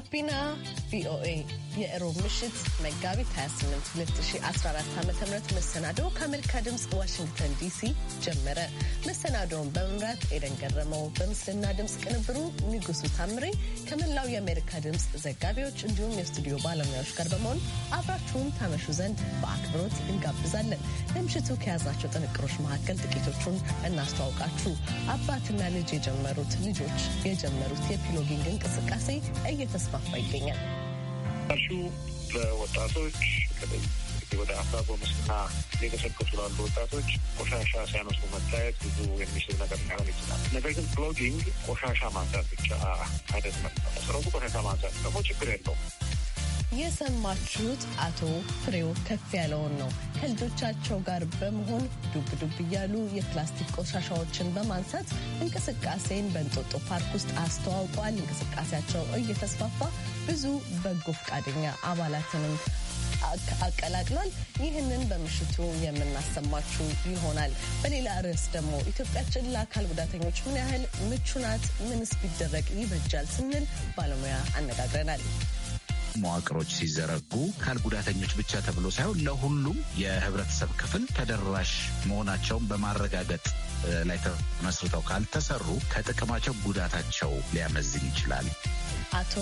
ጋቢና ቪኦኤ የእሮብ ምሽት መጋቢት 28 2014 ዓ ም መሰናዶ ከአሜሪካ ድምፅ ዋሽንግተን ዲሲ ጀመረ። መሰናዶውን በመምራት ኤደን ገረመው፣ በምስልና ድምፅ ቅንብሩ ንጉሱ ታምሬ ከመላው የአሜሪካ ድምፅ ዘጋቢዎች እንዲሁም የስቱዲዮ ባለሙያዎች ጋር በመሆን አብራችሁን ታመሹ ዘንድ በአክብሮት እንጋብዛለን። ለምሽቱ ከያዛቸው ጥንቅሮች መካከል ጥቂቶቹን እናስተዋውቃችሁ። አባትና ልጅ የጀመሩት ልጆች የጀመሩት የፒሎጊንግ እንቅስቃሴ እየተስፋፋ ይገኛል። ሹ ለወጣቶች ወደ አፍላ ጎምስና እየተሰከቱ ላሉ ወጣቶች ቆሻሻ ሲያነሱ መታየት ብዙ የሚስብ ነገር ሊሆን ይችላል። ነገር ግን ፕሎጊንግ ቆሻሻ ማንሳት ብቻ አይደለም። መሰረቱ ቆሻሻ ማንሳት ደግሞ ችግር የለውም የሰማችሁት አቶ ፍሬው ከፍ ያለውን ነው። ከልጆቻቸው ጋር በመሆን ዱብ ዱብ እያሉ የፕላስቲክ ቆሻሻዎችን በማንሳት እንቅስቃሴን በእንጦጦ ፓርክ ውስጥ አስተዋውቋል። እንቅስቃሴያቸው እየተስፋፋ ብዙ በጎ ፈቃደኛ አባላትንም አቀላቅሏል። ይህንን በምሽቱ የምናሰማችሁ ይሆናል። በሌላ ርዕስ ደግሞ ኢትዮጵያችን ለአካል ጉዳተኞች ምን ያህል ምቹ ናት? ምንስ ቢደረግ ይበጃል? ስንል ባለሙያ አነጋግረናል። መዋቅሮች ሲዘረጉ አካል ጉዳተኞች ብቻ ተብሎ ሳይሆን ለሁሉም የህብረተሰብ ክፍል ተደራሽ መሆናቸውን በማረጋገጥ ላይ ተመስርተው ካልተሰሩ ከጥቅማቸው ጉዳታቸው ሊያመዝን ይችላል። አቶ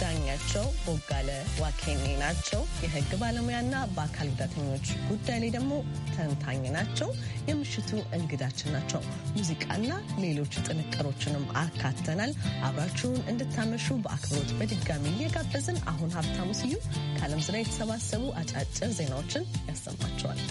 ዳኛቸው ቦጋለ ዋኬኔ ናቸው። የህግ ባለሙያና በአካል ጉዳተኞች ጉዳይ ላይ ደግሞ ተንታኝ ናቸው። የምሽቱ እንግዳችን ናቸው። ሙዚቃና ሌሎች ጥንቅሮችንም አካተናል። አብራችሁን እንድታመሹ በአክብሮት በድጋሚ እየጋበዝን አሁን ሀብታሙ ስዩ ከዓለም ዙሪያ የተሰባሰቡ አጫጭር ዜናዎችን ያሰማቸዋል።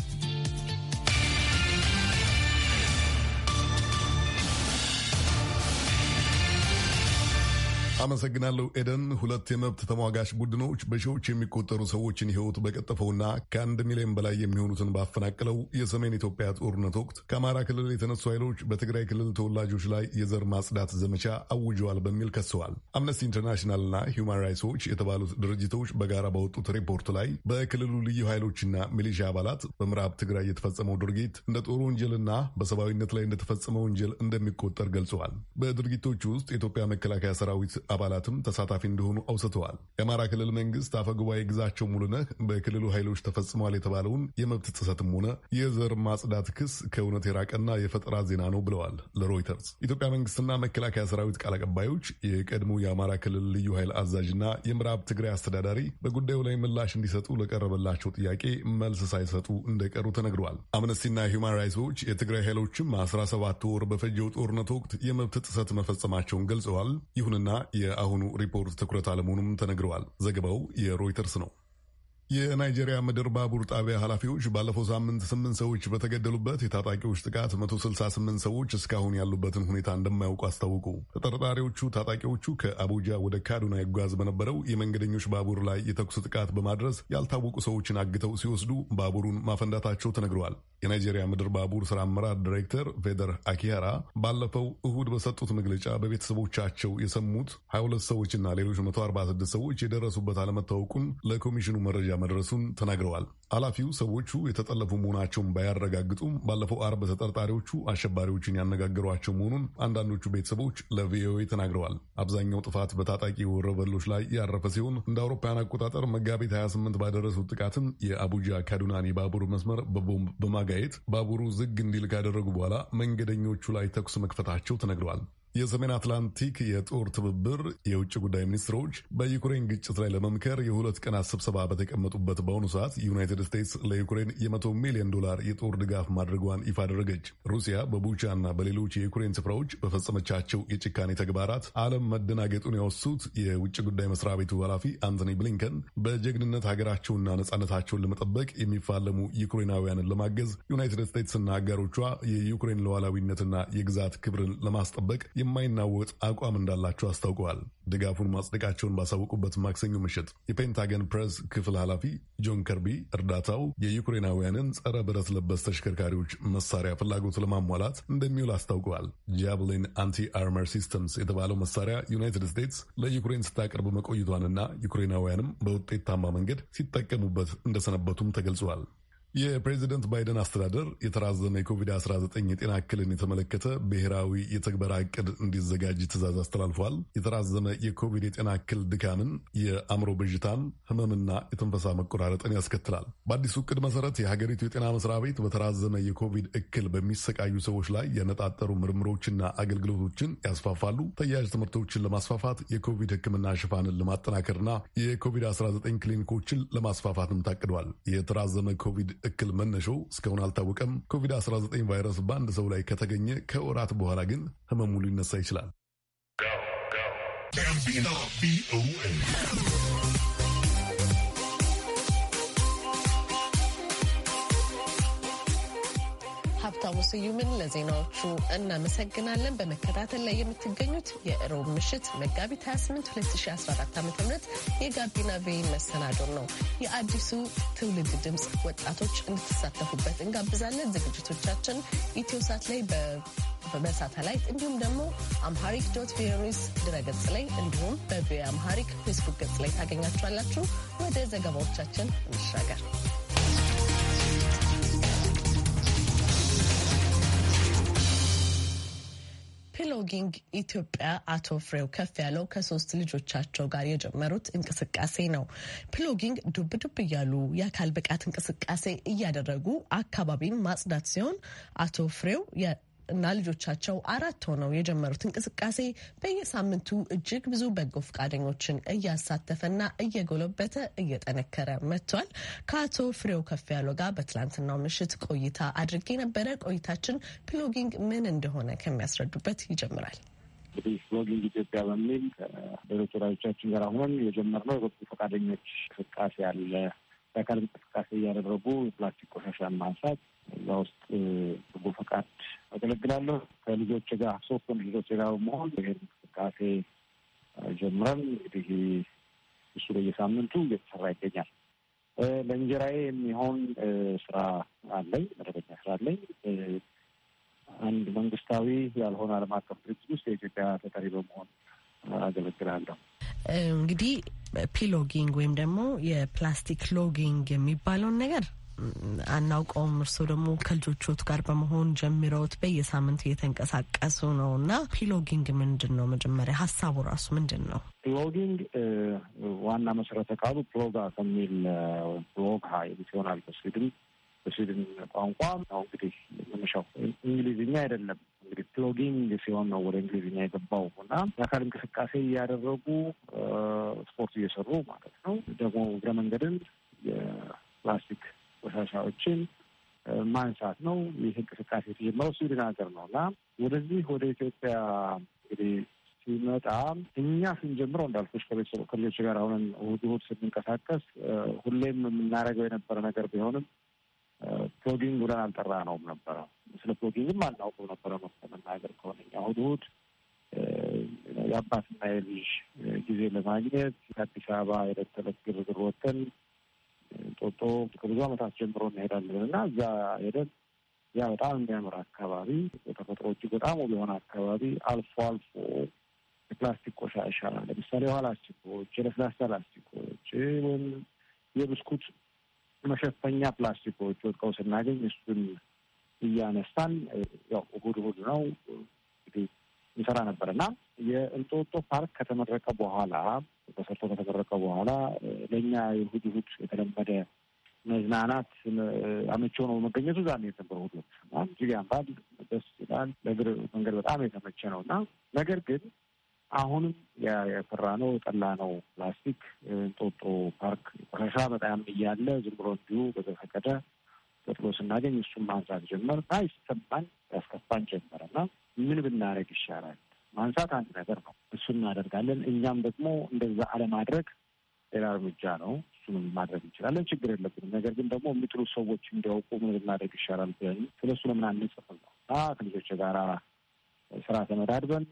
አመሰግናለሁ ኤደን። ሁለት የመብት ተሟጋች ቡድኖች በሺዎች የሚቆጠሩ ሰዎችን ሕይወት በቀጠፈውና ከአንድ ሚሊዮን በላይ የሚሆኑትን ባፈናቅለው የሰሜን ኢትዮጵያ ጦርነት ወቅት ከአማራ ክልል የተነሱ ኃይሎች በትግራይ ክልል ተወላጆች ላይ የዘር ማጽዳት ዘመቻ አውጀዋል በሚል ከሰዋል። አምነስቲ ኢንተርናሽናልና ሂውማን ራይትስ ዎች የተባሉት ድርጅቶች በጋራ ባወጡት ሪፖርት ላይ በክልሉ ልዩ ኃይሎችና ሚሊሻ አባላት በምዕራብ ትግራይ የተፈጸመው ድርጊት እንደ ጦር ወንጀልና በሰብአዊነት ላይ እንደተፈጸመ ወንጀል እንደሚቆጠር ገልጸዋል። በድርጊቶች ውስጥ የኢትዮጵያ መከላከያ ሰራዊት አባላትም ተሳታፊ እንደሆኑ አውስተዋል። የአማራ ክልል መንግስት አፈጉባኤ ግዛቸው ሙሉነህ በክልሉ ኃይሎች ተፈጽሟል የተባለውን የመብት ጥሰትም ሆነ የዘር ማጽዳት ክስ ከእውነት የራቀና የፈጠራ ዜና ነው ብለዋል ለሮይተርስ። ኢትዮጵያ መንግስትና መከላከያ ሰራዊት ቃል አቀባዮች የቀድሞ የአማራ ክልል ልዩ ኃይል አዛዥና የምዕራብ ትግራይ አስተዳዳሪ በጉዳዩ ላይ ምላሽ እንዲሰጡ ለቀረበላቸው ጥያቄ መልስ ሳይሰጡ እንደቀሩ ተነግረዋል። አምነስቲና ሂውማን ራይትስ ዎች የትግራይ ኃይሎችም 17 ወር በፈጀው ጦርነት ወቅት የመብት ጥሰት መፈጸማቸውን ገልጸዋል። ይሁንና የአሁኑ ሪፖርት ትኩረት አለመሆኑም ተነግረዋል። ዘገባው የሮይተርስ ነው። የናይጄሪያ ምድር ባቡር ጣቢያ ኃላፊዎች ባለፈው ሳምንት ስምንት ሰዎች በተገደሉበት የታጣቂዎች ጥቃት 168 ሰዎች እስካሁን ያሉበትን ሁኔታ እንደማያውቁ አስታወቁ። ተጠርጣሪዎቹ ታጣቂዎቹ ከአቡጃ ወደ ካዱና ይጓዝ በነበረው የመንገደኞች ባቡር ላይ የተኩስ ጥቃት በማድረስ ያልታወቁ ሰዎችን አግተው ሲወስዱ ባቡሩን ማፈንዳታቸው ተነግረዋል። የናይጄሪያ ምድር ባቡር ስራ አመራር ዲሬክተር ፌደር አኪያራ ባለፈው እሁድ በሰጡት መግለጫ በቤተሰቦቻቸው የሰሙት 22 ሰዎችና ሌሎች 146 ሰዎች የደረሱበት አለመታወቁን ለኮሚሽኑ መረጃ መድረሱን ተናግረዋል። ኃላፊው ሰዎቹ የተጠለፉ መሆናቸውን ባያረጋግጡም ባለፈው አርብ ተጠርጣሪዎቹ አሸባሪዎችን ያነጋገሯቸው መሆኑን አንዳንዶቹ ቤተሰቦች ለቪኦኤ ተናግረዋል። አብዛኛው ጥፋት በታጣቂ ወረበሎች ላይ ያረፈ ሲሆን እንደ አውሮፓውያን አቆጣጠር መጋቢት 28 ባደረሱት ጥቃትም የአቡጃ ካዱናን የባቡር መስመር በቦምብ በማጋየት ባቡሩ ዝግ እንዲል ካደረጉ በኋላ መንገደኞቹ ላይ ተኩስ መክፈታቸው ተነግረዋል። የሰሜን አትላንቲክ የጦር ትብብር የውጭ ጉዳይ ሚኒስትሮች በዩክሬን ግጭት ላይ ለመምከር የሁለት ቀናት ስብሰባ በተቀመጡበት በአሁኑ ሰዓት ዩናይትድ ስቴትስ ለዩክሬን የመቶ ሚሊዮን ዶላር የጦር ድጋፍ ማድረጓን ይፋ አደረገች። ሩሲያ በቡቻ እና በሌሎች የዩክሬን ስፍራዎች በፈጸመቻቸው የጭካኔ ተግባራት ዓለም መደናገጡን ያወሱት የውጭ ጉዳይ መስሪያ ቤቱ ኃላፊ አንቶኒ ብሊንከን በጀግንነት ሀገራቸውና ነጻነታቸውን ለመጠበቅ የሚፋለሙ ዩክሬናውያንን ለማገዝ ዩናይትድ ስቴትስና አጋሮቿ የዩክሬን ሉዓላዊነትና የግዛት ክብርን ለማስጠበቅ የማይናወጥ አቋም እንዳላቸው አስታውቀዋል። ድጋፉን ማጽደቃቸውን ባሳወቁበት ማክሰኞ ምሽት የፔንታገን ፕሬስ ክፍል ኃላፊ ጆን ከርቢ እርዳታው የዩክሬናውያንን ጸረ ብረት ለበስ ተሽከርካሪዎች መሳሪያ ፍላጎት ለማሟላት እንደሚውል አስታውቀዋል። ጃቭሊን አንቲ አርመር ሲስተምስ የተባለው መሳሪያ ዩናይትድ ስቴትስ ለዩክሬን ስታቀርብ መቆይቷንና ዩክሬናውያንም በውጤታማ መንገድ ሲጠቀሙበት እንደሰነበቱም ተገልጿል። የፕሬዚደንት ባይደን አስተዳደር የተራዘመ የኮቪድ-19 የጤና እክልን የተመለከተ ብሔራዊ የተግበራ እቅድ እንዲዘጋጅ ትዕዛዝ አስተላልፏል። የተራዘመ የኮቪድ የጤና እክል ድካምን፣ የአእምሮ ብዥታን፣ ህመምና የተንፈሳ መቆራረጥን ያስከትላል። በአዲሱ እቅድ መሰረት የሀገሪቱ የጤና መስሪያ ቤት በተራዘመ የኮቪድ እክል በሚሰቃዩ ሰዎች ላይ ያነጣጠሩ ምርምሮችና አገልግሎቶችን ያስፋፋሉ። ተያያዥ ትምህርቶችን ለማስፋፋት የኮቪድ ህክምና ሽፋንን ለማጠናከርና የኮቪድ-19 ክሊኒኮችን ለማስፋፋትም ታቅዷል። የተራዘመ ኮቪድ እክል መነሻው እስካሁን አልታወቀም። ኮቪድ-19 ቫይረስ በአንድ ሰው ላይ ከተገኘ ከወራት በኋላ ግን ህመሙ ሊነሳ ይችላል። ሀብታሙ ስዩምን ለዜናዎቹ እናመሰግናለን። በመከታተል ላይ የምትገኙት የእሮብ ምሽት መጋቢት 28 2014 ዓ ም የጋቢና ቬይ መሰናዶን ነው። የአዲሱ ትውልድ ድምፅ ወጣቶች እንድትሳተፉበት እንጋብዛለን። ዝግጅቶቻችን ኢትዮሳት ላይ በሳተላይት እንዲሁም ደግሞ አምሃሪክ ዶት ቪኦኤ ድረገጽ ላይ እንዲሁም በቪኦኤ አምሃሪክ ፌስቡክ ገጽ ላይ ታገኛችኋላችሁ። ወደ ዘገባዎቻችን እንሻገር። ፕሎጊንግ ኢትዮጵያ አቶ ፍሬው ከፍ ያለው ከሶስት ልጆቻቸው ጋር የጀመሩት እንቅስቃሴ ነው። ፕሎጊንግ ዱብ ዱብ እያሉ የአካል ብቃት እንቅስቃሴ እያደረጉ አካባቢን ማጽዳት ሲሆን አቶ ፍሬው እና ልጆቻቸው አራት ሆነው የጀመሩት እንቅስቃሴ በየሳምንቱ እጅግ ብዙ በጎ ፈቃደኞችን እያሳተፈና እየጎለበተ እየጠነከረ መጥቷል። ከአቶ ፍሬው ከፍ ያለው ጋር በትላንትናው ምሽት ቆይታ አድርጌ ነበረ። ቆይታችን ፕሎጊንግ ምን እንደሆነ ከሚያስረዱበት ይጀምራል። እንግዲህ ፕሎጊንግ ኢትዮጵያ በሚል ከሌሎች ወዳጆቻችን ጋር አሁን የጀመርነው የበጎ ፈቃደኞች እንቅስቃሴ አለ። የአካል እንቅስቃሴ እያደረጉ የፕላስቲክ ቆሻሻን ማንሳት እዛ ውስጥ በጎ ፈቃድ አገለግላለሁ። ከልጆች ጋር ሶስት ልጆች ጋር በመሆን ይህን እንቅስቃሴ ጀምረን እንግዲህ እሱ በየሳምንቱ እየተሰራ ይገኛል። ለእንጀራዬ የሚሆን ስራ አለኝ፣ መደበኛ ስራ አለኝ። አንድ መንግስታዊ ያልሆነ ዓለም አቀፍ ድርጅት ውስጥ የኢትዮጵያ ተጠሪ በመሆን አገለግላለሁ። እንግዲህ ፒሎጊንግ ወይም ደግሞ የፕላስቲክ ሎጊንግ የሚባለውን ነገር አናውቀውም። እርስዎ ደግሞ ከልጆቹት ጋር በመሆን ጀምረውት በየሳምንቱ እየተንቀሳቀሱ ነው እና ፒሎጊንግ ምንድን ነው? መጀመሪያ ሀሳቡ ራሱ ምንድን ነው? ፕሎጊንግ ዋና መሰረተ ቃሉ ፕሎጋ ከሚል ፕሎጋ ይሆናል በስዊድን በስዊድን ቋንቋ ነው እንግዲህ መነሻው እንግሊዝኛ አይደለም። እንግዲህ ፕሎጊንግ ሲሆን ነው ወደ እንግሊዝኛ የገባው እና የአካል እንቅስቃሴ እያደረጉ ስፖርት እየሰሩ ማለት ነው። ደግሞ እግረ መንገድን የፕላስቲክ ቆሻሻዎችን ማንሳት ነው። ይህ እንቅስቃሴ የተጀመረው ስዊድን ሀገር ነው እና ወደዚህ ወደ ኢትዮጵያ እንግዲህ ሲመጣ እኛ ስንጀምረው እንዳልኩሽ ከሌሎች ጋር አሁን እሑድ እሑድ ስንንቀሳቀስ ሁሌም የምናደርገው የነበረ ነገር ቢሆንም ፕሎጊንግ ብለን ነውም ነበረ። ስለ ፕሎጊንግም አናውቅም ነበረ መናገር ከሆነ እሑድ እሑድ የአባትና የልጅ ጊዜ ለማግኘት ከአዲስ አበባ የዕለት ተዕለት ግርግር ወጥተን ጦጦ ከብዙ ዓመታት ጀምሮ እንሄዳለን እና እዛ ሄደን ያ በጣም የሚያምር አካባቢ ተፈጥሮ እጅግ በጣም ውብ የሆነ አካባቢ አልፎ አልፎ የፕላስቲክ ቆሻሻ ለምሳሌ የውሃ ላስቲኮች፣ የለስላሳ ላስቲኮች ወይም የብስኩት መሸፈኛ ፕላስቲኮች ወድቀው ስናገኝ እሱን እያነሳን ያው እሁድ እሁድ ነው ይሰራ ነበር እና የእንጦጦ ፓርክ ከተመረቀ በኋላ ተሰርቶ ከተመረቀ በኋላ ለእኛ የእሑድ እሑድ የተለመደ መዝናናት አመቸው ነው መገኘቱ ዛ ነው የነበረው። ሁሉ እጅግ ያምራል፣ ደስ ይላል። ለእግር መንገድ በጣም የተመቸ ነው እና ነገር ግን አሁንም የፈራ ነው ጠላ ነው ፕላስቲክ እንጦጦ ፓርክ ቆሻሻ በጣም እያለ ዝም ብሎ እንዲሁ በተፈቀደ ጥሎ ስናገኝ እሱም ማንሳት ጀመር እና ይሰማን ያስከፋን ጀመረ እና ምን ብናደረግ ይሻላል ማንሳት አንድ ነገር ነው። እሱ እናደርጋለን። እኛም ደግሞ እንደዛ አለማድረግ ሌላ እርምጃ ነው። እሱንም ማድረግ እንችላለን። ችግር የለብንም። ነገር ግን ደግሞ የሚጥሉ ሰዎች እንዲያውቁ ምን ብናደረግ ይሻላል ብለን ስለ እሱ ለምን ነው እና ከልጆች ጋራ ስራ ተመዳድበን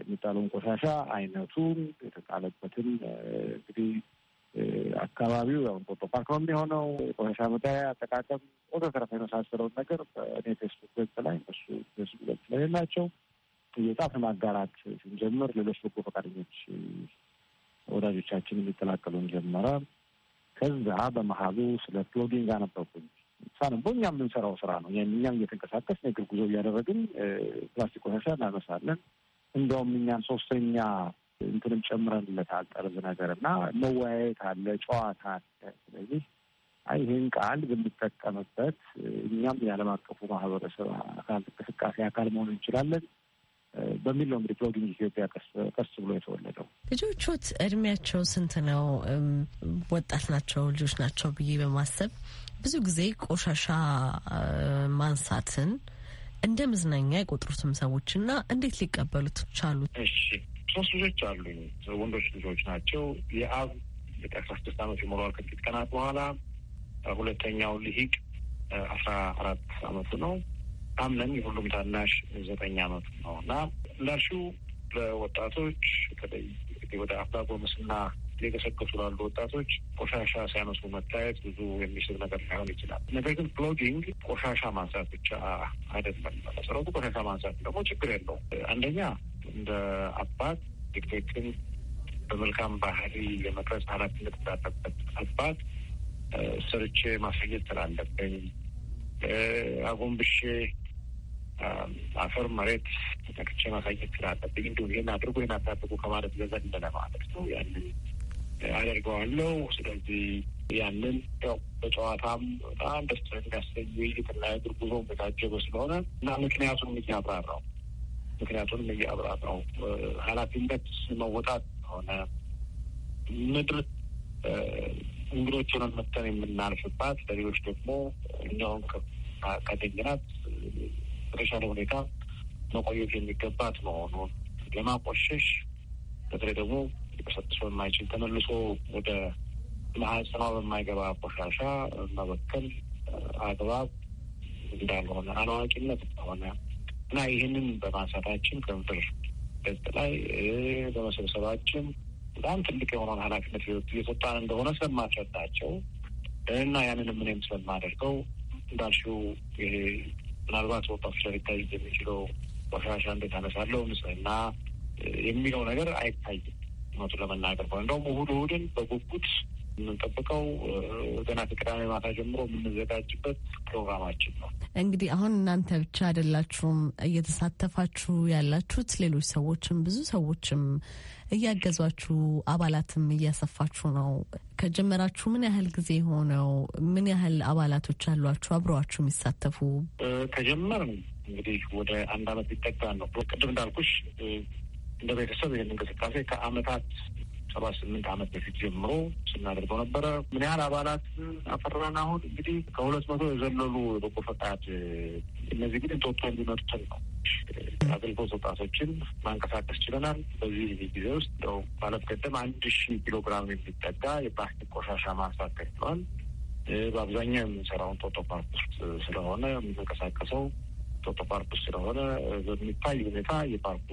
የሚጣለውን ቆሻሻ አይነቱን የተጣለበትን እንግዲህ Eh, አካባቢው ያው እንጦጦ ፓርክ ነው የሚሆነው። ቆሻሻ መጣያ አጠቃቀም ወዘተረፈ የመሳሰለውን ነገር በእኔ ፌስቡክ ገጽ ላይ እሱ ፌስቡክ ገጽ ላይ ናቸው እየጻፍን ማጋራት ስንጀምር ሌሎች በጎ ፈቃደኞች ወዳጆቻችን የሚቀላቀሉን ጀመረ። ከዛ በመሀሉ ስለ ፕሎጊንግ አነበብኩኝ። ሳንቦ እኛም የምንሰራው ስራ ነው። እኛም እየተንቀሳቀስ የእግር ጉዞ እያደረግን ፕላስቲክ ቆሻሻ እናነሳለን። እንደውም እኛን ሶስተኛ እንትንም ጨምረንለታል ጠርዝ ነገር እና መወያየት አለ፣ ጨዋታ አለ። ስለዚህ አይ ይህን ቃል ብንጠቀምበት እኛም የዓለም አቀፉ ማህበረሰብ አካል እንቅስቃሴ አካል መሆን እንችላለን በሚል ነው እንግዲህ ፕሎጊንግ ኢትዮጵያ ቀስ ብሎ የተወለደው። ልጆቹት እድሜያቸው ስንት ነው? ወጣት ናቸው ልጆች ናቸው ብዬ በማሰብ ብዙ ጊዜ ቆሻሻ ማንሳትን እንደ መዝናኛ የቆጥሩትም እና እንዴት ሊቀበሉት ቻሉት? እሺ ሶስት ልጆች አሉኝ። ወንዶች ልጆች ናቸው። የአብ አስራ ስድስት አመት የሞላዋል ከጥቂት ቀናት በኋላ ሁለተኛው ልሂቅ አስራ አራት አመቱ ነው። አምነን የሁሉም ታናሽ ዘጠኝ አመቱ ነው እና እንዳልሽው ለወጣቶች በተለይ ወደ አፍላ ጎመስና ሊገሰገሱ ላሉ ወጣቶች ቆሻሻ ሲያነሱ መታየት ብዙ የሚስብ ነገር ላይሆን ይችላል። ነገር ግን ፕሎጊንግ ቆሻሻ ማንሳት ብቻ አይደለም። መሰረቱ ቆሻሻ ማንሳት ደግሞ ችግር የለውም። አንደኛ እንደ አባት ዜግዜግን በመልካም ባህሪ የመቅረጽ ኃላፊነት እንዳለበት አባት ሰርቼ ማሳየት ስላለብኝ አጎንብሼ አፈር መሬት ተጠቅቼ ማሳየት ስላለብኝ እንዲሁም ይህን አድርጎ ይህን አታድርጉ ከማለት ገዘን እንደለማለት ነው። ያንን አደርገዋለሁ። ስለዚህ ያንን ያው በጨዋታም በጣም ደስ የሚያሰኝ ውይይትና የእግር ጉዞ በታጀበ ስለሆነ እና ምክንያቱም እያብራራው ምክንያቱም እያብራት ነው ኃላፊነት መወጣት ሆነ ምድር እንግዶች መተን የምናልፍባት ለሌሎች ደግሞ እኛውን ከተኝናት በተሻለ ሁኔታ መቆየት የሚገባት መሆኑን ለማቆሸሽ በተለይ ደግሞ ሊቀሰጥሶ የማይችል ተመልሶ ወደ ማህፀኗ በማይገባ ቆሻሻ መበከል አግባብ እንዳልሆነ አላዋቂነት ሆነ እና ይህንን በማንሳታችን ከምድር ገጽ ላይ በመሰብሰባችን በጣም ትልቅ የሆነውን ኃላፊነት እየተወጣን እንደሆነ ስለማስረዳቸው እና ያንን ምንም ስለማደርገው እንዳልሽው ይሄ ምናልባት ወጣቱ ላይ ሊታይ የሚችለው ቆሻሻ እንዴት አነሳለው ንጽህና የሚለው ነገር አይታይም። እውነቱን ለመናገር ከሆነ እንደውም እሁድ እሁድን በጉጉት የምንጠብቀው ገና ከቅዳሜ ማታ ጀምሮ የምንዘጋጅበት ፕሮግራማችን ነው። እንግዲህ አሁን እናንተ ብቻ አይደላችሁም እየተሳተፋችሁ ያላችሁት፣ ሌሎች ሰዎችም ብዙ ሰዎችም እያገዟችሁ አባላትም እያሰፋችሁ ነው። ከጀመራችሁ ምን ያህል ጊዜ ሆነው? ምን ያህል አባላቶች አሏችሁ አብረዋችሁ የሚሳተፉ? ከጀመር እንግዲህ ወደ አንድ አመት ሊጠጋ ነው። ቅድም እንዳልኩሽ እንደ ቤተሰብ ይህን እንቅስቃሴ ከአመታት ሰባ ስምንት አመት በፊት ጀምሮ ስናደርገው ነበረ። ምን ያህል አባላት አፈራን? አሁን እንግዲህ ከሁለት መቶ የዘለሉ በጎ ፈቃድ እነዚህ ግን እንጦጦ እንዲመጡትን ነው አገልግሎት ወጣቶችን ማንቀሳቀስ ችለናል። በዚህ ጊዜ ውስጥ ው ባለፍ ቀደም አንድ ሺ ኪሎ ግራም የሚጠጋ የፕላስቲክ ቆሻሻ ማንሳት ተችሏል። በአብዛኛው የምንሰራውን ጦጦ ፓርክ ውስጥ ስለሆነ የምንንቀሳቀሰው ጦጦ ፓርክ ውስጥ ስለሆነ በሚታይ ሁኔታ የፓርኩ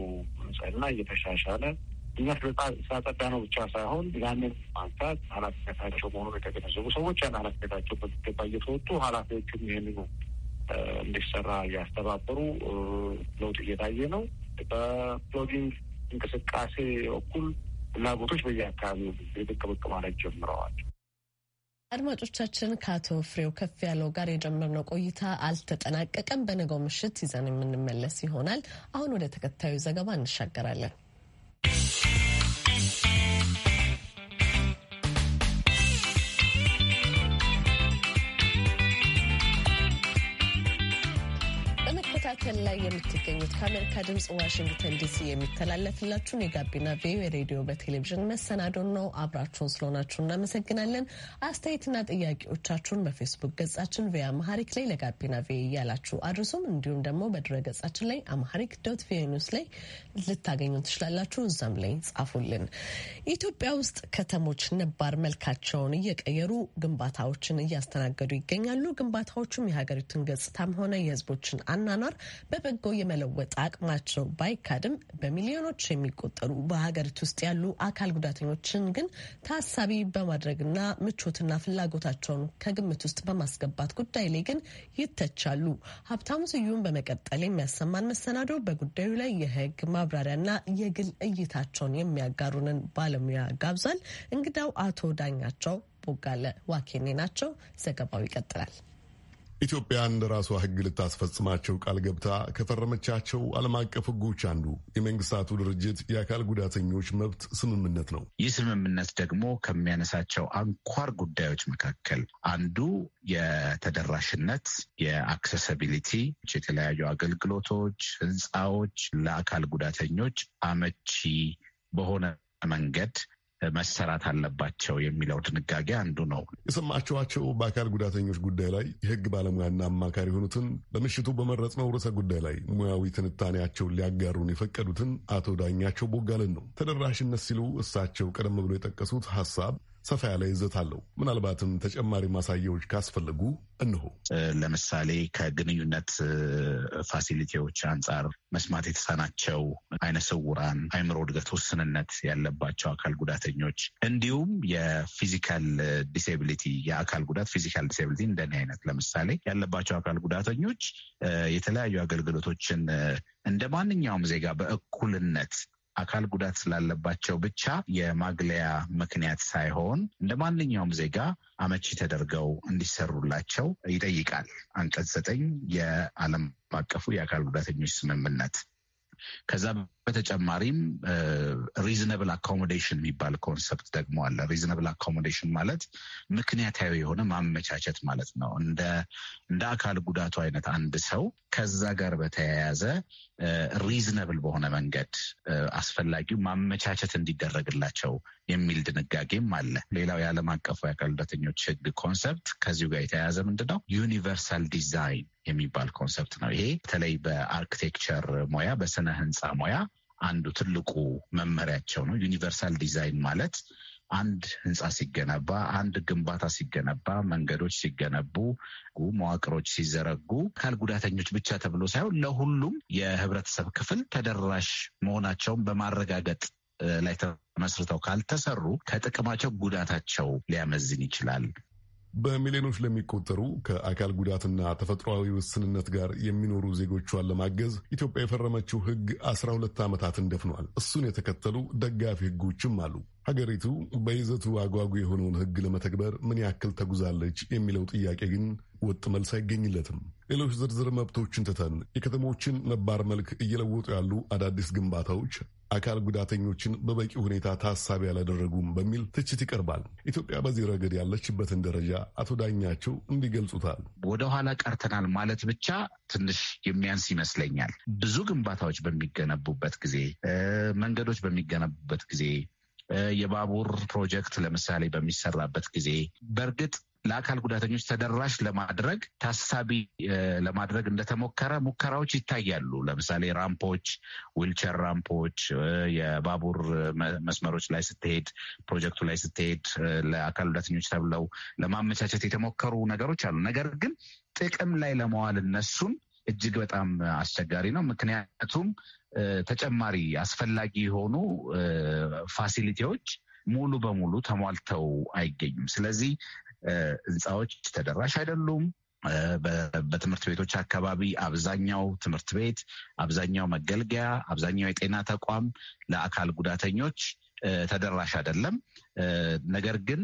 ንጽሕና እየተሻሻለ ድንገት ስላጸዳ ነው ብቻ ሳይሆን ያንን ማንሳት ኃላፊነታቸው መሆኑን የተገነዘቡ ሰዎች ያን ኃላፊነታቸው በሚገባ እየተወጡ ኃላፊዎቹም ይህንኑ እንዲሰራ እያስተባበሩ ለውጥ እየታየ ነው። በፕሎጊንግ እንቅስቃሴ በኩል ፍላጎቶች በየአካባቢው ብቅ ብቅ ማለት ጀምረዋል። አድማጮቻችን ከአቶ ፍሬው ከፍ ያለው ጋር የጀመርነው ቆይታ አልተጠናቀቀም። በነገው ምሽት ይዘን የምንመለስ ይሆናል። አሁን ወደ ተከታዩ ዘገባ እንሻገራለን። ላይ የምትገኙት ከአሜሪካ ድምጽ ዋሽንግተን ዲሲ የሚተላለፍላችሁን የጋቢና ቪኦኤ ሬዲዮ በቴሌቪዥን መሰናዶን ነው። አብራችሁን ስለሆናችሁ እናመሰግናለን። አስተያየትና ጥያቄዎቻችሁን በፌስቡክ ገጻችን ቪኦኤ አማሃሪክ ላይ ለጋቢና ቪኦኤ እያላችሁ አድርሱም። እንዲሁም ደግሞ በድረ ገጻችን ላይ አማሃሪክ ዶት ቪኦኤ ኒውስ ላይ ልታገኙ ትችላላችሁ። እዛም ላይ ጻፉልን። ኢትዮጵያ ውስጥ ከተሞች ነባር መልካቸውን እየቀየሩ ግንባታዎችን እያስተናገዱ ይገኛሉ። ግንባታዎቹም የሀገሪቱን ገጽታም ሆነ የህዝቦችን አናኗር በበጎ የመለወጥ አቅማቸው ባይካድም በሚሊዮኖች የሚቆጠሩ በሀገሪቱ ውስጥ ያሉ አካል ጉዳተኞችን ግን ታሳቢ በማድረግና ምቾትና ፍላጎታቸውን ከግምት ውስጥ በማስገባት ጉዳይ ላይ ግን ይተቻሉ። ሀብታሙ ስዩም በመቀጠል የሚያሰማን መሰናዶ በጉዳዩ ላይ ማብራሪያ ማብራሪያና የግል እይታቸውን የሚያጋሩንን ባለሙያ ጋብዟል። እንግዳው አቶ ዳኛቸው ቦጋለ ዋኬኔ ናቸው። ዘገባው ይቀጥላል። ኢትዮጵያ እንደ ራሷ ሕግ ልታስፈጽማቸው ቃል ገብታ ከፈረመቻቸው ዓለም አቀፍ ሕጎች አንዱ የመንግስታቱ ድርጅት የአካል ጉዳተኞች መብት ስምምነት ነው። ይህ ስምምነት ደግሞ ከሚያነሳቸው አንኳር ጉዳዮች መካከል አንዱ የተደራሽነት፣ የአክሰሰቢሊቲ፣ የተለያዩ አገልግሎቶች፣ ህንፃዎች ለአካል ጉዳተኞች አመቺ በሆነ መንገድ መሰራት አለባቸው የሚለው ድንጋጌ አንዱ ነው። የሰማችኋቸው በአካል ጉዳተኞች ጉዳይ ላይ የህግ ባለሙያና አማካሪ የሆኑትን በምሽቱ በመረጥ ነው ርዕሰ ጉዳይ ላይ ሙያዊ ትንታኔያቸውን ሊያጋሩን የፈቀዱትን አቶ ዳኛቸው ቦጋለን ነው። ተደራሽነት ሲሉ እሳቸው ቀደም ብሎ የጠቀሱት ሀሳብ ሰፋ ያለ ይዘት አለው። ምናልባትም ተጨማሪ ማሳያዎች ካስፈለጉ እንሆ ለምሳሌ ከግንኙነት ፋሲሊቲዎች አንጻር መስማት የተሳናቸው፣ አይነ ስውራን፣ አይምሮ እድገት ውስንነት ያለባቸው አካል ጉዳተኞች እንዲሁም የፊዚካል ዲስኤቢሊቲ የአካል ጉዳት ፊዚካል ዲስኤቢሊቲ እንደኔ አይነት ለምሳሌ ያለባቸው አካል ጉዳተኞች የተለያዩ አገልግሎቶችን እንደ ማንኛውም ዜጋ በእኩልነት አካል ጉዳት ስላለባቸው ብቻ የማግለያ ምክንያት ሳይሆን እንደ ማንኛውም ዜጋ አመቺ ተደርገው እንዲሰሩላቸው ይጠይቃል አንቀጽ ዘጠኝ የዓለም አቀፉ የአካል ጉዳተኞች ስምምነት ከዛ በተጨማሪም ሪዝነብል አኮሞዴሽን የሚባል ኮንሰፕት ደግሞ አለ። ሪዝነብል አኮሞዴሽን ማለት ምክንያታዊ የሆነ ማመቻቸት ማለት ነው። እንደ አካል ጉዳቱ አይነት አንድ ሰው ከዛ ጋር በተያያዘ ሪዝነብል በሆነ መንገድ አስፈላጊው ማመቻቸት እንዲደረግላቸው የሚል ድንጋጌም አለ። ሌላው የዓለም አቀፉ የአካል ጉዳተኞች ሕግ ኮንሰፕት ከዚሁ ጋር የተያያዘ ምንድን ነው? ዩኒቨርሳል ዲዛይን የሚባል ኮንሰፕት ነው። ይሄ በተለይ በአርክቴክቸር ሙያ፣ በስነ ህንፃ ሙያ አንዱ ትልቁ መመሪያቸው ነው። ዩኒቨርሳል ዲዛይን ማለት አንድ ህንፃ ሲገነባ፣ አንድ ግንባታ ሲገነባ፣ መንገዶች ሲገነቡ፣ መዋቅሮች ሲዘረጉ አካል ጉዳተኞች ብቻ ተብሎ ሳይሆን ለሁሉም የህብረተሰብ ክፍል ተደራሽ መሆናቸውን በማረጋገጥ ላይ ተመስርተው ካልተሰሩ ከጥቅማቸው ጉዳታቸው ሊያመዝን ይችላል። በሚሊዮኖች ለሚቆጠሩ ከአካል ጉዳትና ተፈጥሯዊ ውስንነት ጋር የሚኖሩ ዜጎቿን ለማገዝ ኢትዮጵያ የፈረመችው ሕግ አስራ ሁለት ዓመታትን ደፍኗል። እሱን የተከተሉ ደጋፊ ሕጎችም አሉ። ሀገሪቱ በይዘቱ አጓጉ የሆነውን ሕግ ለመተግበር ምን ያክል ተጉዛለች የሚለው ጥያቄ ግን ወጥ መልስ አይገኝለትም። ሌሎች ዝርዝር መብቶችን ትተን የከተሞችን ነባር መልክ እየለወጡ ያሉ አዳዲስ ግንባታዎች አካል ጉዳተኞችን በበቂ ሁኔታ ታሳቢ አላደረጉም በሚል ትችት ይቀርባል። ኢትዮጵያ በዚህ ረገድ ያለችበትን ደረጃ አቶ ዳኛቸው እንዲገልጹታል። ወደኋላ ቀርተናል ማለት ብቻ ትንሽ የሚያንስ ይመስለኛል። ብዙ ግንባታዎች በሚገነቡበት ጊዜ፣ መንገዶች በሚገነቡበት ጊዜ የባቡር ፕሮጀክት ለምሳሌ በሚሰራበት ጊዜ በእርግጥ ለአካል ጉዳተኞች ተደራሽ ለማድረግ ታሳቢ ለማድረግ እንደተሞከረ ሙከራዎች ይታያሉ። ለምሳሌ ራምፖች፣ ዊልቸር ራምፖች የባቡር መስመሮች ላይ ስትሄድ፣ ፕሮጀክቱ ላይ ስትሄድ ለአካል ጉዳተኞች ተብለው ለማመቻቸት የተሞከሩ ነገሮች አሉ። ነገር ግን ጥቅም ላይ ለመዋል እነሱን እጅግ በጣም አስቸጋሪ ነው። ምክንያቱም ተጨማሪ አስፈላጊ የሆኑ ፋሲሊቲዎች ሙሉ በሙሉ ተሟልተው አይገኙም። ስለዚህ ህንፃዎች ተደራሽ አይደሉም። በትምህርት ቤቶች አካባቢ አብዛኛው ትምህርት ቤት፣ አብዛኛው መገልገያ፣ አብዛኛው የጤና ተቋም ለአካል ጉዳተኞች ተደራሽ አይደለም። ነገር ግን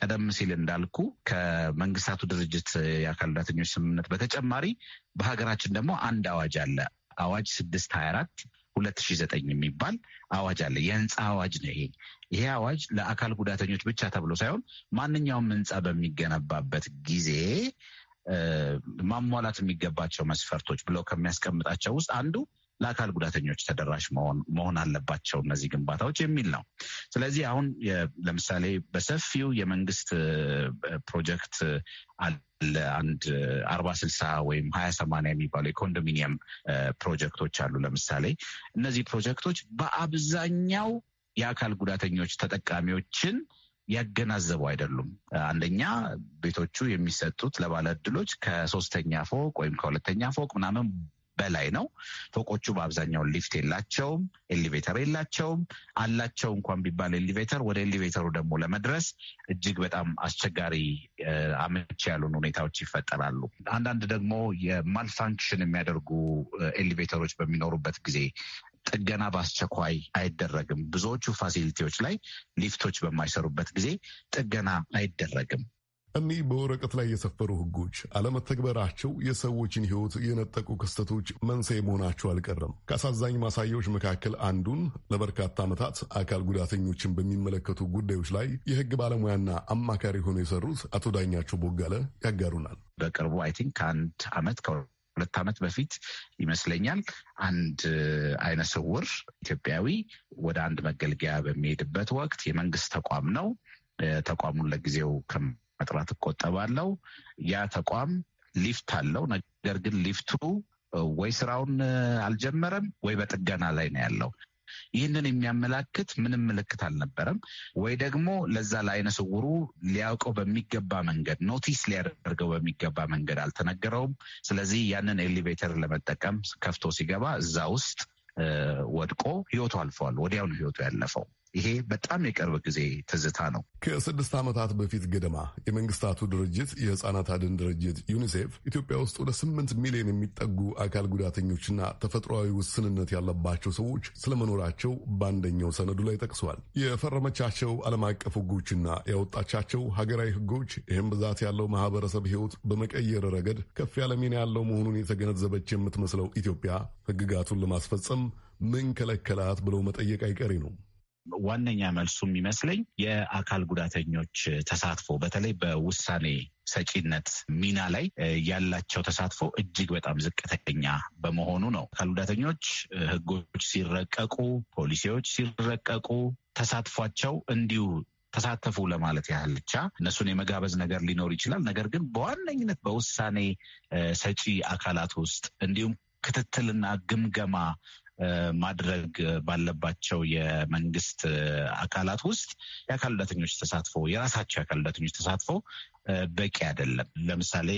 ቀደም ሲል እንዳልኩ ከመንግስታቱ ድርጅት የአካል ጉዳተኞች ስምምነት በተጨማሪ በሀገራችን ደግሞ አንድ አዋጅ አለ። አዋጅ ስድስት ሀያ አራት ሁለት ሺ ዘጠኝ የሚባል አዋጅ አለ። የህንፃ አዋጅ ነው ይሄ። ይሄ አዋጅ ለአካል ጉዳተኞች ብቻ ተብሎ ሳይሆን ማንኛውም ህንፃ በሚገነባበት ጊዜ ማሟላት የሚገባቸው መስፈርቶች ብለው ከሚያስቀምጣቸው ውስጥ አንዱ ለአካል ጉዳተኞች ተደራሽ መሆን አለባቸው እነዚህ ግንባታዎች የሚል ነው። ስለዚህ አሁን ለምሳሌ በሰፊው የመንግስት ፕሮጀክት አለ። አንድ አርባ ስልሳ ወይም ሀያ ሰማንያ የሚባሉ የኮንዶሚኒየም ፕሮጀክቶች አሉ። ለምሳሌ እነዚህ ፕሮጀክቶች በአብዛኛው የአካል ጉዳተኞች ተጠቃሚዎችን ያገናዘቡ አይደሉም። አንደኛ ቤቶቹ የሚሰጡት ለባለ እድሎች ከሶስተኛ ፎቅ ወይም ከሁለተኛ ፎቅ ምናምን በላይ ነው። ፎቆቹ በአብዛኛው ሊፍት የላቸውም፣ ኤሊቬተር የላቸውም። አላቸው እንኳን ቢባል ኤሊቬተር ወደ ኤሊቬተሩ ደግሞ ለመድረስ እጅግ በጣም አስቸጋሪ አመቺ ያሉን ሁኔታዎች ይፈጠራሉ። አንዳንድ ደግሞ የማልፋንክሽን የሚያደርጉ ኤሊቬተሮች በሚኖሩበት ጊዜ ጥገና በአስቸኳይ አይደረግም። ብዙዎቹ ፋሲሊቲዎች ላይ ሊፍቶች በማይሰሩበት ጊዜ ጥገና አይደረግም። እኒህ በወረቀት ላይ የሰፈሩ ህጎች አለመተግበራቸው የሰዎችን ህይወት የነጠቁ ክስተቶች መንስኤ መሆናቸው አልቀረም። ከአሳዛኝ ማሳያዎች መካከል አንዱን ለበርካታ ዓመታት አካል ጉዳተኞችን በሚመለከቱ ጉዳዮች ላይ የህግ ባለሙያና አማካሪ ሆነው የሰሩት አቶ ዳኛቸው ቦጋለ ያጋሩናል። በቅርቡ አይ ቲንክ ከአንድ ዓመት ከሁለት ዓመት በፊት ይመስለኛል አንድ አይነ ስውር ኢትዮጵያዊ ወደ አንድ መገልገያ በሚሄድበት ወቅት የመንግስት ተቋም ነው ተቋሙን ለጊዜው እጥረት እቆጠባለው። ያ ተቋም ሊፍት አለው። ነገር ግን ሊፍቱ ወይ ስራውን አልጀመረም ወይ በጥገና ላይ ነው ያለው። ይህንን የሚያመላክት ምንም ምልክት አልነበረም። ወይ ደግሞ ለዛ ለአይነ ስውሩ ሊያውቀው በሚገባ መንገድ ኖቲስ ሊያደርገው በሚገባ መንገድ አልተነገረውም። ስለዚህ ያንን ኤሊቬተር ለመጠቀም ከፍቶ ሲገባ እዛ ውስጥ ወድቆ ህይወቱ አልፈዋል። ወዲያውኑ ህይወቱ ያለፈው። ይሄ በጣም የቅርብ ጊዜ ትዝታ ነው። ከስድስት ዓመታት በፊት ገደማ የመንግስታቱ ድርጅት የህፃናት አድን ድርጅት ዩኒሴፍ ኢትዮጵያ ውስጥ ወደ ስምንት ሚሊዮን የሚጠጉ አካል ጉዳተኞችና ተፈጥሯዊ ውስንነት ያለባቸው ሰዎች ስለመኖራቸው በአንደኛው ሰነዱ ላይ ጠቅሷል። የፈረመቻቸው ዓለም አቀፍ ህጎችና ያወጣቻቸው ሀገራዊ ህጎች ይህም ብዛት ያለው ማህበረሰብ ህይወት በመቀየር ረገድ ከፍ ያለ ሚና ያለው መሆኑን የተገነዘበች የምትመስለው ኢትዮጵያ ህግጋቱን ለማስፈጸም ምን ከለከላት ብለው መጠየቅ አይቀሬ ነው። ዋነኛ መልሱ የሚመስለኝ የአካል ጉዳተኞች ተሳትፎ በተለይ በውሳኔ ሰጪነት ሚና ላይ ያላቸው ተሳትፎ እጅግ በጣም ዝቅተኛ በመሆኑ ነው። አካል ጉዳተኞች ሕጎች ሲረቀቁ፣ ፖሊሲዎች ሲረቀቁ ተሳትፏቸው እንዲሁ ተሳተፉ ለማለት ያህል ብቻ እነሱን የመጋበዝ ነገር ሊኖር ይችላል። ነገር ግን በዋነኝነት በውሳኔ ሰጪ አካላት ውስጥ እንዲሁም ክትትልና ግምገማ ማድረግ ባለባቸው የመንግስት አካላት ውስጥ የአካል ጉዳተኞች ተሳትፎ የራሳቸው የአካል ጉዳተኞች ተሳትፎ በቂ አይደለም። ለምሳሌ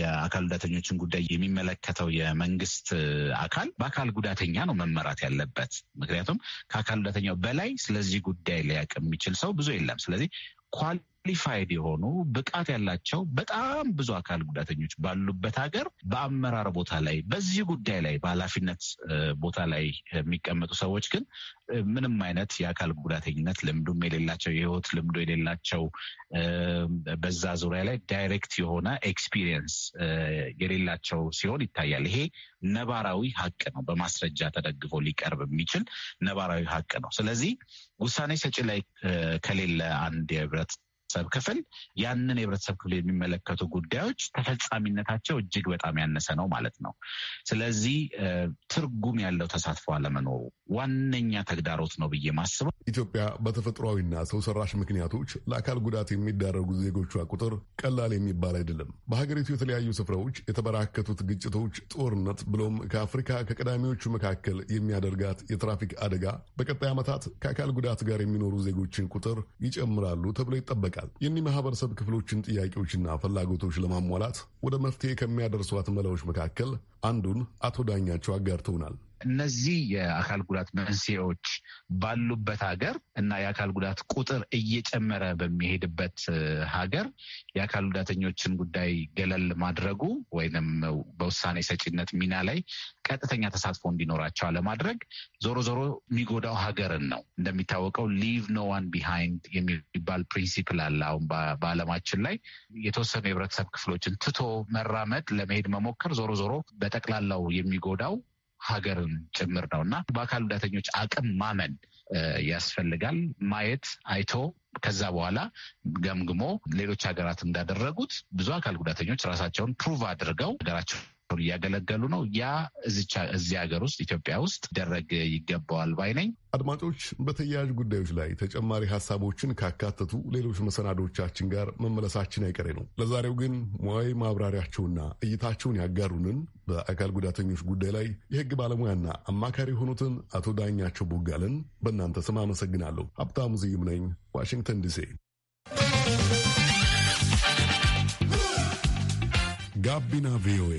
የአካል ጉዳተኞችን ጉዳይ የሚመለከተው የመንግስት አካል በአካል ጉዳተኛ ነው መመራት ያለበት። ምክንያቱም ከአካል ጉዳተኛው በላይ ስለዚህ ጉዳይ ሊያውቅ የሚችል ሰው ብዙ የለም። ስለዚህ ኳል ኳሊፋይድ የሆኑ ብቃት ያላቸው በጣም ብዙ አካል ጉዳተኞች ባሉበት ሀገር በአመራር ቦታ ላይ በዚህ ጉዳይ ላይ በኃላፊነት ቦታ ላይ የሚቀመጡ ሰዎች ግን ምንም አይነት የአካል ጉዳተኝነት ልምዱም የሌላቸው የህይወት ልምዱ የሌላቸው በዛ ዙሪያ ላይ ዳይሬክት የሆነ ኤክስፒሪየንስ የሌላቸው ሲሆን ይታያል። ይሄ ነባራዊ ሀቅ ነው። በማስረጃ ተደግፎ ሊቀርብ የሚችል ነባራዊ ሀቅ ነው። ስለዚህ ውሳኔ ሰጪ ላይ ከሌለ አንድ የህብረት የህብረተሰብ ክፍል ያንን የህብረተሰብ ክፍል የሚመለከቱ ጉዳዮች ተፈጻሚነታቸው እጅግ በጣም ያነሰ ነው ማለት ነው። ስለዚህ ትርጉም ያለው ተሳትፎ አለመኖሩ ዋነኛ ተግዳሮት ነው ብዬ ማስበው። ኢትዮጵያ በተፈጥሯዊና ሰው ሰራሽ ምክንያቶች ለአካል ጉዳት የሚዳረጉ ዜጎቿ ቁጥር ቀላል የሚባል አይደለም። በሀገሪቱ የተለያዩ ስፍራዎች የተበራከቱት ግጭቶች፣ ጦርነት ብሎም ከአፍሪካ ከቀዳሚዎቹ መካከል የሚያደርጋት የትራፊክ አደጋ በቀጣይ ዓመታት ከአካል ጉዳት ጋር የሚኖሩ ዜጎችን ቁጥር ይጨምራሉ ተብሎ ይጠበቃል። ይጠይቃል። የኒህ ማህበረሰብ ክፍሎችን ጥያቄዎችና ፍላጎቶች ለማሟላት ወደ መፍትሄ ከሚያደርሷት መላዎች መካከል አንዱን አቶ ዳኛቸው አጋርተውናል። እነዚህ የአካል ጉዳት መንስኤዎች ባሉበት ሀገር እና የአካል ጉዳት ቁጥር እየጨመረ በሚሄድበት ሀገር የአካል ጉዳተኞችን ጉዳይ ገለል ማድረጉ ወይም በውሳኔ ሰጪነት ሚና ላይ ቀጥተኛ ተሳትፎ እንዲኖራቸው አለማድረግ ዞሮ ዞሮ የሚጎዳው ሀገርን ነው። እንደሚታወቀው ሊቭ ኖ ዋን ቢሃይንድ የሚባል ፕሪንሲፕል አለ። አሁን በዓለማችን ላይ የተወሰኑ የህብረተሰብ ክፍሎችን ትቶ መራመድ ለመሄድ መሞከር ዞሮ ዞሮ በጠቅላላው የሚጎዳው ሀገርን ጭምር ነው እና በአካል ጉዳተኞች አቅም ማመን ያስፈልጋል። ማየት አይቶ ከዛ በኋላ ገምግሞ ሌሎች ሀገራት እንዳደረጉት ብዙ አካል ጉዳተኞች ራሳቸውን ፕሩቭ አድርገው ሀገራቸው እያገለገሉ ነው። ያ እዚህ ሀገር ውስጥ ኢትዮጵያ ውስጥ ደረግ ይገባዋል ባይ ነኝ። አድማጮች፣ በተያያዥ ጉዳዮች ላይ ተጨማሪ ሀሳቦችን ካካተቱ ሌሎች መሰናዶቻችን ጋር መመለሳችን አይቀሬ ነው። ለዛሬው ግን ሙያዊ ማብራሪያቸውና እይታቸውን ያጋሩንን በአካል ጉዳተኞች ጉዳይ ላይ የህግ ባለሙያና አማካሪ የሆኑትን አቶ ዳኛቸው ቦጋልን በእናንተ ስም አመሰግናለሁ። ሀብታሙ ዝይም ነኝ፣ ዋሽንግተን ዲሲ። ጋቢና ቪኦኤ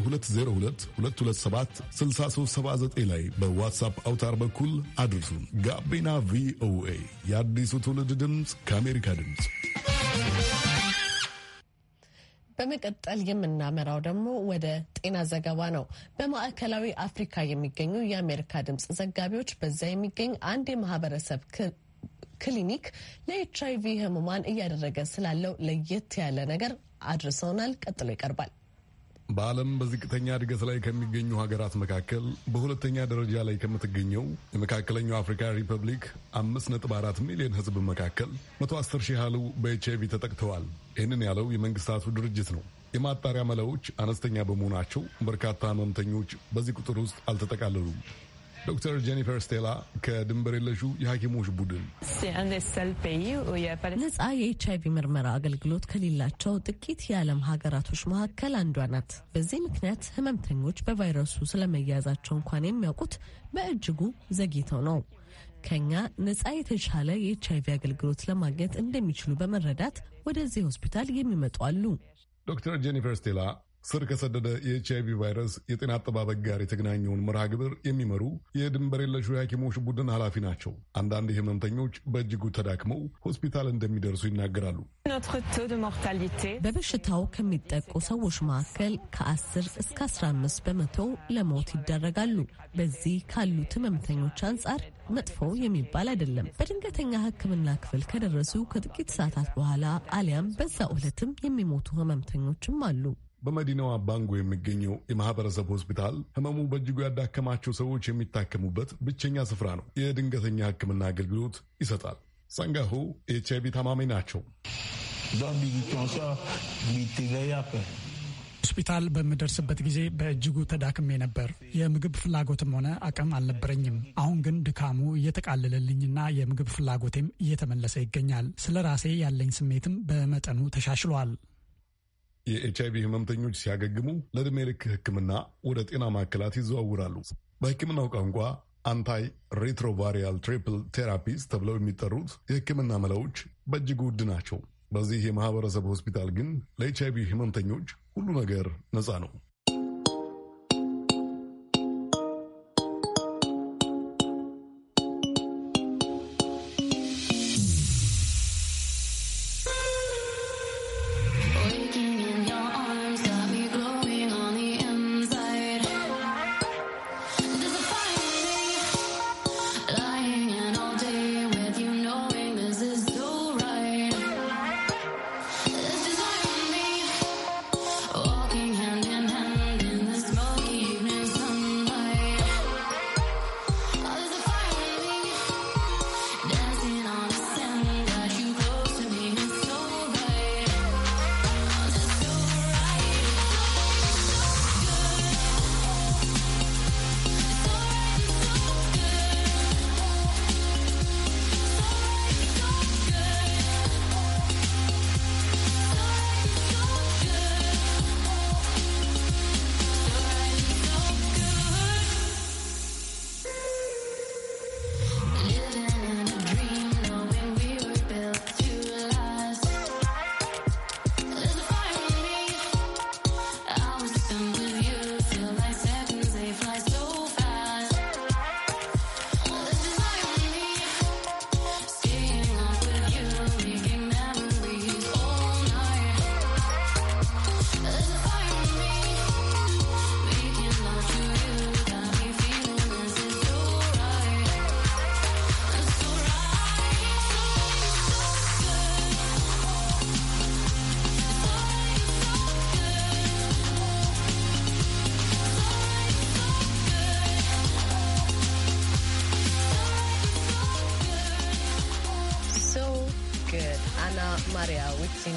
2022276379 ላይ በዋትሳፕ አውታር በኩል አድርሱን። ጋቢና ቪኦኤ የአዲሱ ትውልድ ድምፅ ከአሜሪካ ድምፅ። በመቀጠል የምናመራው ደግሞ ወደ ጤና ዘገባ ነው። በማዕከላዊ አፍሪካ የሚገኙ የአሜሪካ ድምፅ ዘጋቢዎች በዛ የሚገኝ አንድ የማህበረሰብ ክሊኒክ ለኤች ቪ ህሙማን እያደረገ ስላለው ለየት ያለ ነገር አድርሰውናል። ቀጥሎ ይቀርባል። በዓለም በዝቅተኛ እድገት ላይ ከሚገኙ ሀገራት መካከል በሁለተኛ ደረጃ ላይ ከምትገኘው የመካከለኛው አፍሪካ ሪፐብሊክ 5.4 ሚሊዮን ሕዝብ መካከል 110 ሺህ ያህሉ በኤች ተጠቅተዋል። ይህንን ያለው የመንግስታቱ ድርጅት ነው። የማጣሪያ መላዎች አነስተኛ በመሆናቸው በርካታ ህመምተኞች በዚህ ቁጥር ውስጥ አልተጠቃለሉም። ዶክተር ጄኒፈር ስቴላ ከድንበር የለሹ የሐኪሞች ቡድን ነጻ የኤች አይቪ ምርመራ አገልግሎት ከሌላቸው ጥቂት የዓለም ሀገራቶች መካከል አንዷ ናት። በዚህ ምክንያት ህመምተኞች በቫይረሱ ስለመያዛቸው እንኳን የሚያውቁት በእጅጉ ዘግይተው ነው። ከኛ ነጻ የተሻለ የኤች አይቪ አገልግሎት ለማግኘት እንደሚችሉ በመረዳት ወደዚህ ሆስፒታል የሚመጡ አሉ። ዶክተር ጄኒፈር ስቴላ ስር ከሰደደ የኤች አይቪ ቫይረስ የጤና አጠባበቅ ጋር የተገናኘውን መርሃ ግብር የሚመሩ የድንበር የለሹ የሐኪሞች ቡድን ኃላፊ ናቸው። አንዳንድ ህመምተኞች በእጅጉ ተዳክመው ሆስፒታል እንደሚደርሱ ይናገራሉ። በበሽታው ከሚጠቁ ሰዎች መካከል ከ10 እስከ 15 በመቶ ለሞት ይዳረጋሉ። በዚህ ካሉት ህመምተኞች አንጻር መጥፎ የሚባል አይደለም። በድንገተኛ ሕክምና ክፍል ከደረሱ ከጥቂት ሰዓታት በኋላ አሊያም በዛ ዕለትም የሚሞቱ ህመምተኞችም አሉ። በመዲናዋ ባንጎ የሚገኘው የማህበረሰብ ሆስፒታል ህመሙ በእጅጉ ያዳከማቸው ሰዎች የሚታከሙበት ብቸኛ ስፍራ ነው። የድንገተኛ ሕክምና አገልግሎት ይሰጣል። ሳንጋሆ ኤች አይቪ ታማሚ ናቸው። ሆስፒታል በምደርስበት ጊዜ በእጅጉ ተዳክሜ ነበር። የምግብ ፍላጎትም ሆነ አቅም አልነበረኝም። አሁን ግን ድካሙ እየተቃለለልኝና የምግብ ፍላጎቴም እየተመለሰ ይገኛል። ስለ ራሴ ያለኝ ስሜትም በመጠኑ ተሻሽሏል። የኤችአይቪ ህመምተኞች ሲያገግሙ ለእድሜ ልክ ህክምና ወደ ጤና ማዕከላት ይዘዋውራሉ። በህክምናው ቋንቋ አንታይ ሬትሮቫሪያል ትሪፕል ቴራፒስ ተብለው የሚጠሩት የህክምና መላዎች በእጅጉ ውድ ናቸው። በዚህ የማህበረሰብ ሆስፒታል ግን ለኤችአይቪ ህመምተኞች ሁሉ ነገር ነፃ ነው።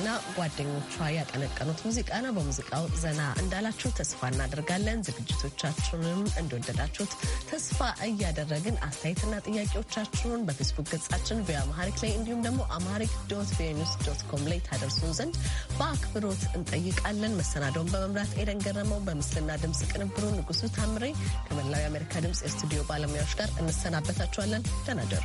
ና ጓደኞቿ ያቀነቀኑት ሙዚቃ ነው። በሙዚቃው ዘና እንዳላችሁ ተስፋ እናደርጋለን። ዝግጅቶቻችንም እንደወደዳችሁት ተስፋ እያደረግን አስተያየትና ጥያቄዎቻችሁን በፌስቡክ ገጻችን በአማሪክ ላይ እንዲሁም ደግሞ አማሪክ ዶት ቪኦኤ ዶት ኮም ላይ ታደርሱን ዘንድ በአክብሮት እንጠይቃለን። መሰናዶውን በመምራት ኤደን ገረመው፣ በምስልና ድምፅ ቅንብሩ ንጉሱ ታምሬ ከመላው የአሜሪካ ድምፅ የስቱዲዮ ባለሙያዎች ጋር እንሰናበታችኋለን። ደህና